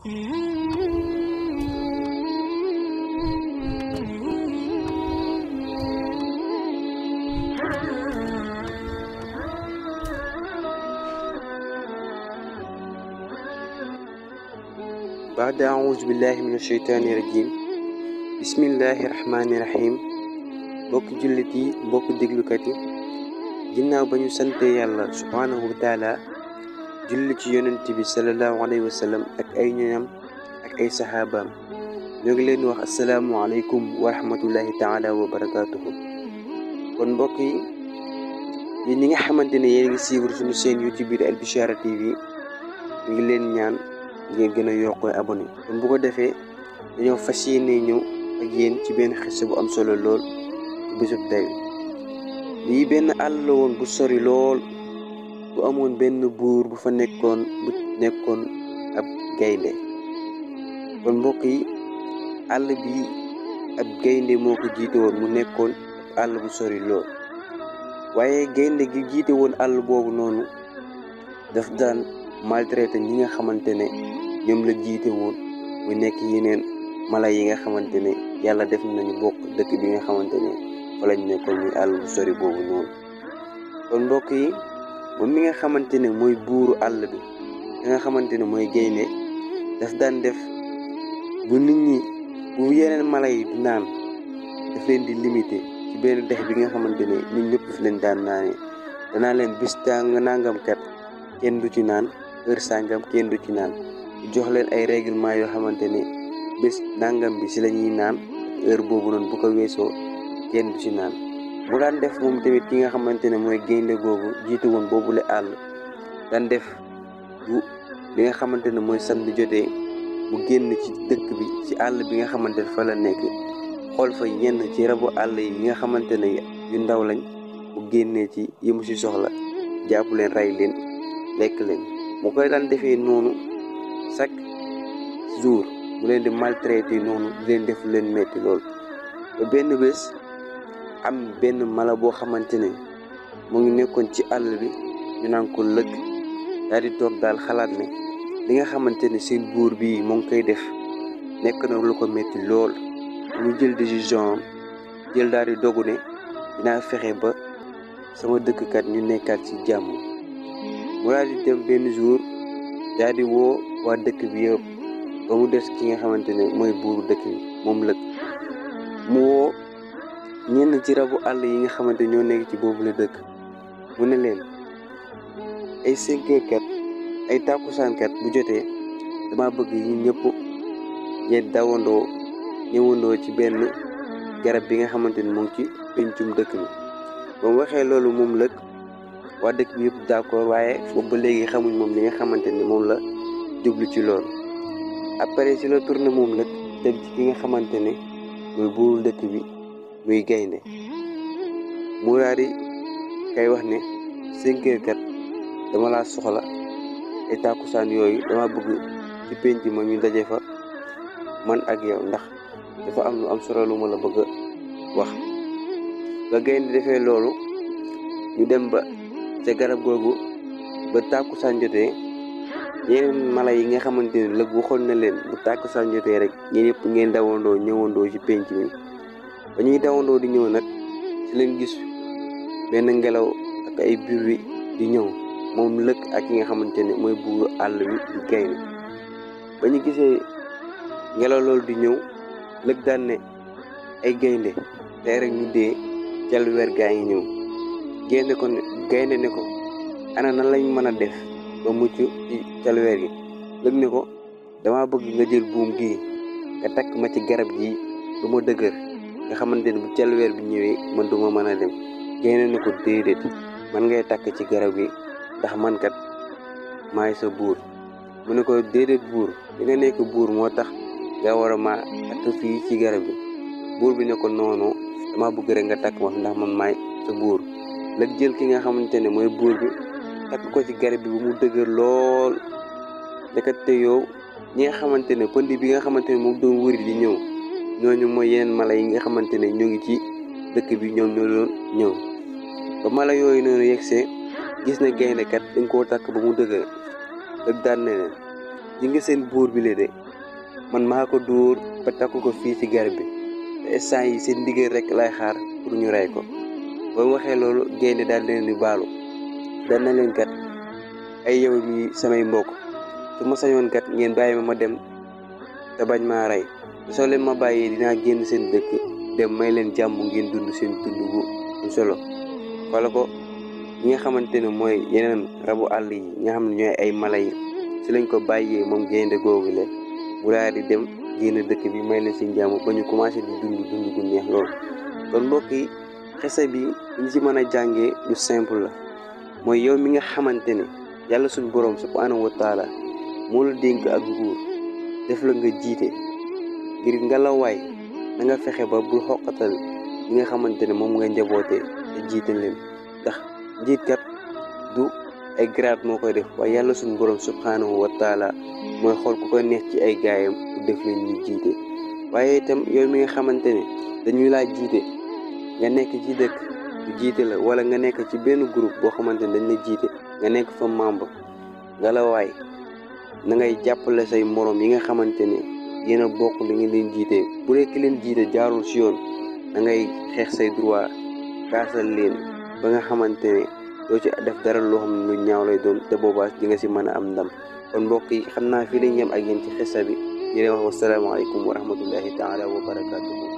بعد أعوذ بالله من الشيطان الرجيم بسم الله الرحمن الرحيم bokk jullit yi bokk déglukat yi ginnaaw ba ñu sante yàlla subhaanahu wa taala julli ci yonent bi salallaahu alayhi wa sallam ak ay ñoñam ak ay saxaabaam ñoo ngi leen wax asalaamualeykum wa rahmatullahi taala wa barakaatuhu kon mbokk yi yéen ñi nga xamante ne yéen a ngi suivre suñu chaîne YouTube bi Al Bichara TV ñu ngi leen ñaan ngeen gën a yokkoo abonné kon bu ko defee dañoo fas yéene ñëw ak yéen ci benn xisa bu am solo lool ci bésub tey lii benn àll woon bu sori lool bu amoon benn buur bu fa nekkoon bu nekkoon ab gaynde kon mbokk yi àll bi ab gaynde moo ko jiite woon mu nekkoon àll bu sori lool waaye gaynde gi jiite woon àll boobu noonu daf daan maltraité ñi nga xamante ne ñoom la jiite woon mu nekk yeneen mala yi nga xamante ne yàlla def nañu bokk dëkk bi nga xamante ne fa lañ nekkoon muy àll bu sori boobu noonu kon mbokk yi moom mi nga xamante ne mooy buuru àll bi ki nga xamante ne mooy gaynde daf daan def bu nit ñi bu yeneen mala yi naan daf leen di limité ci benn dex bi nga xamante ne nit ñëpp fi leen daan naanee danaa leen bis tàng nangam kat kenn du ci naan heure sàngam kenn du ci naan jox leen ay règlement yoo xamante ne bés bi si la ñuy naan heure boobu noonu bu ko weesoo kenn du ci naan bu daan def moom tamit ki nga xamante ne mooy gaynde googu jiitu woon boobule àll daan def bu li nga xamante ne mooy samedi jotee mu génn ci dëkk bi ci àll bi nga xamante ne fa la nekk xool fa yenn ci rabu àll yi nga xamante ne yu ndaw lañ mu génnee ci yi mu si soxla jàppu leen rey leen lekk leen mu koy daan defee noonu chaque jour mu leen di maltraité noonu di leen def leen metti lool ba benn bés am benn mala boo xamante ne mu ngi nekkoon ci àll bi ñu naan ko lëkk daal toog daal xalaat ne li nga xamante ne seen buur bii moo ngi koy def nekk na lu ko métti lool mu jël décision jël daal di dogu ne dinaa fexe ba sama dëkkkat ñu nekkaat ci jàmm mu daal di dem benn jour daal di woo waa dëkk bi yëpp ba mu des ki nga xamante ne mooy buuru dëkk moom lëkk mu woo ñenn ci rabu àll yi nga xamante ñoo nekk ci boobu la dëkk mu ne leen ay cinq ay tàkkusaan kat bu jotee dama bëgg yi ñëpp ngeen dawandoo ñëwandoo ci benn garab bi nga xamante ni mu ngi ci pencum dëkk bi ba waxee loolu moom lëkk waa dëkk bi yëpp d'accord waaye boobu ba léegi xamuñ moom li nga xamante ni moom la jublu ci loolu après si la tourné moom lëkk dem ci ki nga xamante ne mooy buurul dëkk bi muy gaynde mu yi di kay wax ne cinq dama laa soxla et tàkkusaan yooyu dama bëgg ci penc ma ñu daje fa man ak yow ndax dafa am lu am solo lu ma la bëgg a wax ba gaynde defee loolu ñu dem ba ca garab googu ba tàkkusaan jotee yeneen mala yi nga xamante ne lëg waxoon leen bu tàkkusaan jotee rek ñeen yëpp ngeen dawandoo ñëwandoo ci penc mi ba ñuy dawandoo di ñëw nag ci lañ gis benn ngelaw ak ay bruit di ñëw moom lëkk ak yi nga xamante ne mooy buuru àll wi di gaynde ba ñu gisee ngelaw loolu di ñëw lëkk daan ne ay gaynde tey rek ñu dee jal weer gaa ngi ñëw gaynde ko ne ko ana na lañ mën a def ba mucc ci jal weer gi lëkk ne ko dama bëgg nga jël buum gii nga takk ma ci garab gi du ma dëgër nga xamante ne bu celluweer bi ñëwee man du mën a dem gaynde ne ko déedéet man ngay takk ci garab gi ndax man kat sa buur mu ne ko déedéet buur li nga nekk buur moo tax nga war a ma takk fii ci garab gi buur bi ne ko noonu dama bëgg rek nga takk ma ndax man may sa buur la jël ki nga xamante ne mooy buur bi takk ko ci garab bi bu mu dëgër lool dekat te yow ñi nga xamante ne pënd bi nga xamante ne moom doon wëri di ñëw ñooñu mooy yeneen mala yi nga xamante ne ñu ngi ci dëkk bi ñoom ñoo doon ñëw ba mala yooyu noonu yegsee gis ne gaynde kat dañ koo takk ba mu dëgër dëg daan ne leen seen buur bi le de man maa ko dóor ba takk ko fii ci garab bi te instant yi seen ndigal rek lay xaar pour ñu rey ko ba mu waxee loolu gaynde daal leen di baalu daan na leen kat ay yow mi samay mbokk su ma sañoon kat ngeen bàyyi ma ma dem te bañ maa rey soo leen ma bàyyee dinaa génn seen dëkk dem may leen jàmm ngeen dund seen dund bu am solo wala ko ñi nga xamante ne mooy yeneen rabu àll yi nga xam ne ñooy ay mala yi si lañ ko bàyyee moom gaynde googu la mu daal di dem génn dëkk bi may leen seen jàmm ba ñu commencé di dund dund gu neex lool kon mbokk yi xese bi ñu si mën a jànge lu simple la mooy yow mi nga xamante ne yàlla suñu borom subhanahu wa taala moo la dénk ak nguur def la nga jiite ngir ngalawaay na nga fexe ba bul xoqatal li nga xamante ne moom nga njaboote te jiite leen ndax njiit kat du ay grade moo koy def waaye yàlla suñ borom subhanahu wa taala mooy xool ku ko neex ci ay gaayam def leen ñu jiite waaye itam yow mi nga xamante ne dañuy laa jiite nga nekk ci dëkk bu jiite la wala nga nekk ci benn groupe boo xamante ne dañ la jiite nga nekk fa membre ngalawaay na ngay jàppale say morom yi nga xamante ne yéen a bokk li nga leen jiite bu dee leen jiite jaarul si yoon da ngay xeex say droit kaasal leen ba nga xamante ne doo ci def dara loo xam ne lu ñaaw lay doon te boobaa di nga si mën a am ndam kon mbokk yi xam naa fii lañ yem ak yéen ci xisa bi di leen wax wasalaamaaleykum wa rahmatullahi taala wa barakatuhu